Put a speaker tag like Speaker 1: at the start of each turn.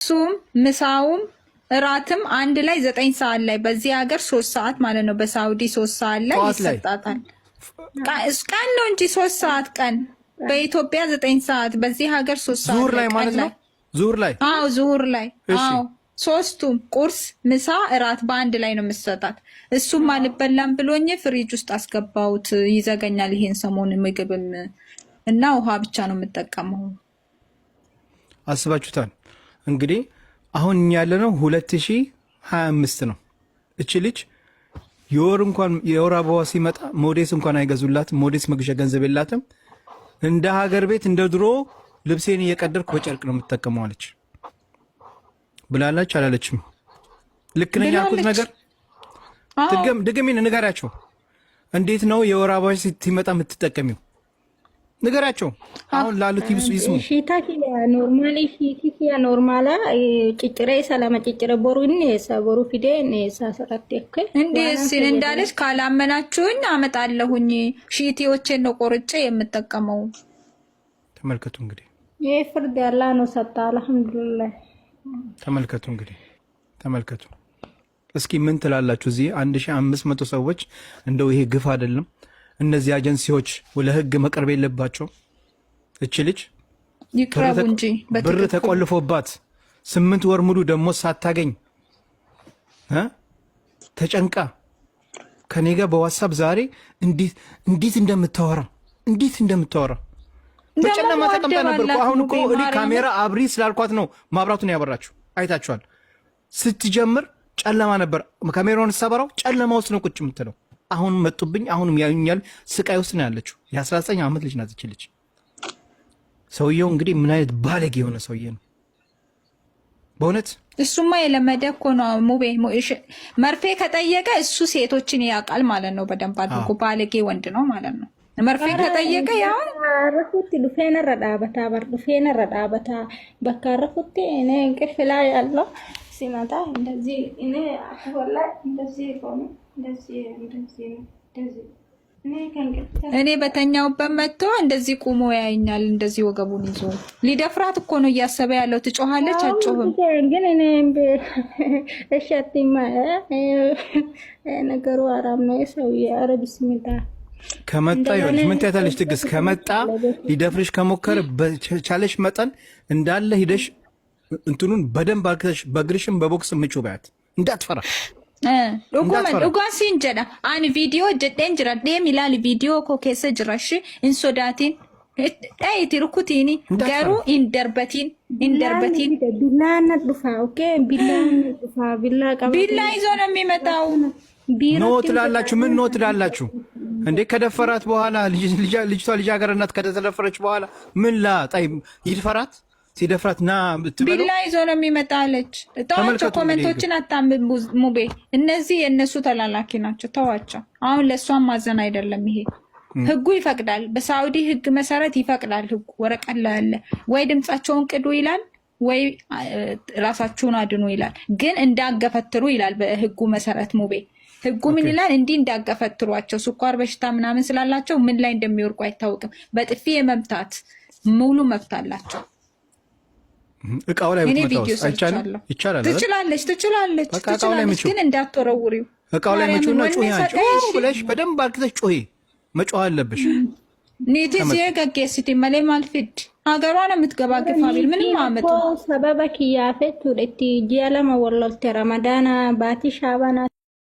Speaker 1: ቁርሱም ምሳውም እራትም አንድ ላይ ዘጠኝ ሰዓት ላይ በዚህ ሀገር ሶስት ሰዓት ማለት ነው። በሳውዲ ሶስት ሰዓት ላይ
Speaker 2: ይሰጣታል።
Speaker 1: ቀን ነው እንጂ ሶስት ሰዓት ቀን፣ በኢትዮጵያ ዘጠኝ ሰዓት፣ በዚህ ሀገር ሶስት
Speaker 2: ሰዓት ላይ ማለት ነው። ላይ
Speaker 1: አዎ፣ ዙር ላይ አዎ። ሶስቱም ቁርስ፣ ምሳ፣ እራት በአንድ ላይ ነው የምሰጣት። እሱም አልበላም ብሎኝ ፍሪጅ ውስጥ አስገባሁት። ይዘገኛል ይሄን ሰሞን ምግብም እና ውሃ ብቻ ነው የምጠቀመው።
Speaker 2: አስባችሁታል እንግዲህ አሁን እኛ ያለነው 2025 ነው። እቺ ልጅ የወር እንኳን የወር አበባ ሲመጣ ሞዴስ እንኳን አይገዙላትም። ሞዴስ መግዣ ገንዘብ የላትም። እንደ ሀገር ቤት እንደ ድሮ ልብሴን እየቀደርኩ በጨርቅ ነው የምትጠቀመው አለች ብላለች። አላለችም? ልክ ነኝ ያልኩት ነገር ድገሚን ንገራቸው። እንዴት ነው የወር አበባ ሲመጣ የምትጠቀሚው? ንገራቸው አሁን ላሉት ይብሱ ይስሙ
Speaker 1: ኖርማል ኪያ ኖርማላ ጭጭሬ ሰላማ ጭጭሬ ቦሩ ሰቦሩ ፊዴ እንዲህ እንዳለች ካላመናችሁኝ አመጣለሁኝ። ሺቲዎቼን ነው ቆርጬ የምጠቀመው።
Speaker 2: ተመልከቱ እንግዲህ
Speaker 1: ይህ ፍርድ ያላ ነው ሰጣ። አልሐምዱላ።
Speaker 2: ተመልከቱ እንግዲህ ተመልከቱ። እስኪ ምን ትላላችሁ? እዚህ አንድ ሺህ አምስት መቶ ሰዎች እንደው ይሄ ግፍ አይደለም እነዚህ አጀንሲዎች ለህግ መቅረብ የለባቸው? እቺ ልጅ
Speaker 1: ይቅረቡ እንጂ
Speaker 2: ብር ተቆልፎባት ስምንት ወር ሙሉ ደግሞ ሳታገኝ ተጨንቃ ከኔ ጋር በዋትሳፕ ዛሬ እንዴት እንደምታወራ እንዴት እንደምታወራ በጨለማ ተቀምጣ ነበር። አሁን እኮ እኔ ካሜራ አብሪ ስላልኳት ነው ማብራቱን ያበራችሁ። አይታችኋል። ስትጀምር ጨለማ ነበር። ካሜራውን ሳበራው ጨለማ ውስጥ ነው ቁጭ የምትለው። አሁን መጡብኝ፣ አሁንም ያዩኛል። ስቃይ ውስጥ ነው ያለችው። የ19 ዓመት ልጅ ናት ልጅ። ሰውየው እንግዲህ ምን አይነት ባለጌ የሆነ ሰውዬ ነው በእውነት።
Speaker 1: እሱማ የለመደ እኮ ነው ሙቤ። መርፌ ከጠየቀ እሱ ሴቶችን ያውቃል ማለት ነው በደንብ አድርጎ። ባለጌ ወንድ ነው ማለት ነው። መርፌ ከጠየቀ ያሁን
Speaker 3: ረፉቲ ዱፌነ ረዳበታ በርዱፌነ ረዳበታ በካ ረፉቲ እኔ እንቅልፍ ላይ ያለው ሲመጣ እንደዚህ እኔ ላይ እንደዚህ ቆሙ እንደዚህ እንደዚህ እንደዚህ
Speaker 1: እኔ በተኛውበት መጥቶ እንደዚህ ቁሞ ያይኛል። እንደዚህ ወገቡን ይዞ ሊደፍራት እኮ ነው እያሰበ ያለው። ትጮኋለች፣ አጮህም ግን እኔ እሸትማ ነገሩ አራም ነው የሰውዬ። ኧረ ቢስሚላ ከመጣ ይሆንሽ ምን ትያታለሽ? ትግስት ከመጣ ሊደፍርሽ ከሞከር በቻለሽ መጠን እንዳለ ሂደሽ እንትኑን በደንብ አርክተሽ በእግርሽም በቦክስ ምጩ በያት እንዳትፈራ። dhuguman siin jedha ani viidiyoo hojjedheen jira deem ilaali viidiyoo koo keessa jira shi hin sodaatin dhayiti rukutiin garuu hin darbatiin hin darbatiin billaan na dhufaa okee billaan na dhufaa billaa qaba billaa ይዞ ነው የሚመጣው ኖ ትላላችሁ ምን ኖ ትላላችሁ እንዴ ከደፈራት በኋላ ልጅቷ ልጃገረድ ናት ከተደፈረች በኋላ ምን ላ ጣይ ይድፈራት ሲደፍራት ና ቢላ ይዞ ነው የሚመጣ አለች። ተዋቸው፣ ኮመንቶችን አታንብቡ ሙቤ። እነዚህ የእነሱ ተላላኪ ናቸው፣ ተዋቸው። አሁን ለእሷን ማዘን አይደለም ይሄ ህጉ ይፈቅዳል። በሳዑዲ ህግ መሰረት ይፈቅዳል ህጉ። ወረቀት ላይ ወይ ድምፃቸውን ቅዱ ይላል ወይ ራሳችሁን አድኑ ይላል። ግን እንዳገፈትሩ ይላል በህጉ መሰረት ሙቤ። ህጉ ምን ይላል? እንዲህ እንዳገፈትሯቸው ስኳር በሽታ ምናምን ስላላቸው ምን ላይ እንደሚወርቁ አይታወቅም። በጥፊ የመምታት ሙሉ መብት አላቸው። እቃው ላይ ይቻላል። ትችላለች ትችላለች ትችላለች፣ ግን እንዳትወረውሪው እቃው ላይ መጪውና ጩኸ ብለሽ በደንብ አርግተሽ ጩሄ መጮህ አለብሽ። ኔቲ ዜገጌ ሲቲ መሌ ማልፊድ ሀገሯ ነው የምትገባ ግፋቢል ምንም አመጡ ሰበበ ክያፌቱ ቲ ጂያለመ ረመዳና ባቲ ሻባና